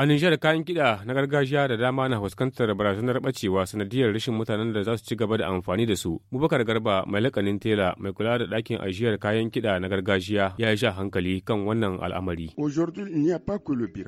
A Nijar kayan kiɗa na gargajiya da dama na fuskantar barazanar bacewa sanadiyar rashin mutanen da za su ci gaba da amfani da su. Bubakar Garba mai lakanin tela mai kula da ɗakin ajiyar kayan kiɗa na gargajiya ya yi sha hankali kan wannan al'amari.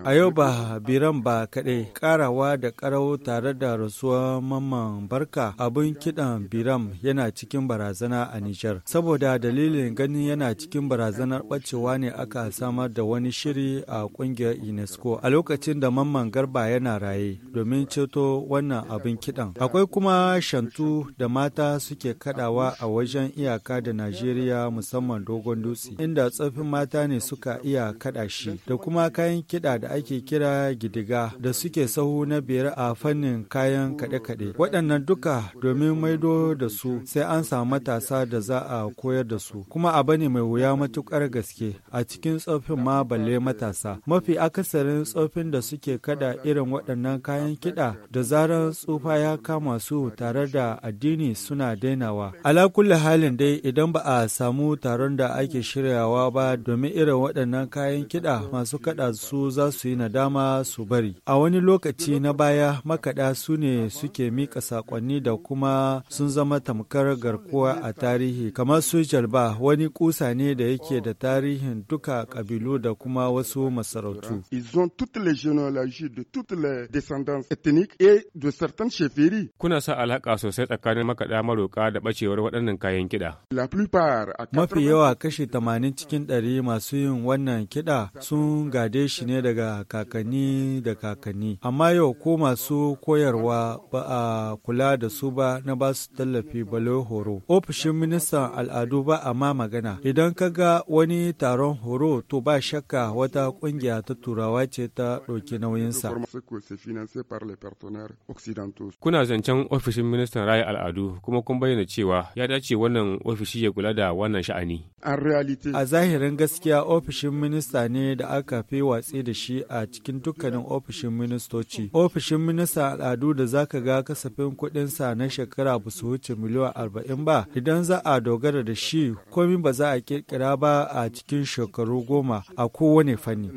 A yau ba biran ba kaɗai ƙarawa da ƙarau tare da rasuwar mamman barka abin kiɗan biram yana cikin barazana a Nijar. Saboda dalilin ganin yana cikin barazanar bacewa ne aka samar da wani shiri a ƙungiyar UNESCO a lokacin da Mamman Garba yana raye domin ceto wannan abin kiɗan. Akwai kuma shantu da mata suke kaɗawa a wajen iyaka da Najeriya musamman dogon dutse, inda tsofin mata ne suka iya kaɗa shi, da kuma kayan kiɗa da ake kira gidiga da suke sahu na biyar a fannin kayan kaɗe-kaɗe. Waɗannan duka domin maido da su sai an samu matasa da za a koyar da su, kuma abu ne mai wuya matukar gaske a cikin tsofin ma balle matasa. Mafi akasarin tsofin da suke kada irin waɗannan kayan kiɗa da zarar tsufa ya kama su tare da addini suna dainawa. Ala halin dai idan ba a samu taron da ake shiryawa ba domin irin waɗannan kayan kiɗa masu kaɗa su za su yi nadama su bari. A wani lokaci na baya makaɗa su ne suke mika saƙonni da kuma sun zama tamkar garkuwa a tarihi kamar su jalba wani kusa ne da yake da tarihin duka ƙabilu da kuma wasu masarautu. généalogie de toutes les descendances ethniques et de certaines chefferies. Kuna sa alaka sosai tsakanin makaɗa maroka da ɓacewar waɗannan kayan kiɗa. La plupart a Mafi yawa kashi 80 cikin 100 masu yin wannan kiɗa sun gade shi ne daga kakanni da kakanni. Amma yau ko masu koyarwa ba a kula da su ba na ba su tallafi balo horo. Ofishin ministan al'adu ba a ma magana. Idan ka ga wani taron horo to ba shakka wata ƙungiya ta turawa ce ta ɗauki ɗauki nauyinsa. Kuna zancen ofishin ministan raya al'adu kuma kun bayyana cewa ya dace wannan ofishi ya kula da wannan sha'ani. A zahirin gaskiya ofishin minista ne da aka fi watsi da shi a cikin dukkanin ofishin ministoci. Ofishin ministan al'adu da za ka ga kasafin kuɗinsa na shekara ba su wuce miliyan arba'in ba idan za a dogara da shi komi ba za a kirkira ba a cikin shekaru goma a kowane fanni.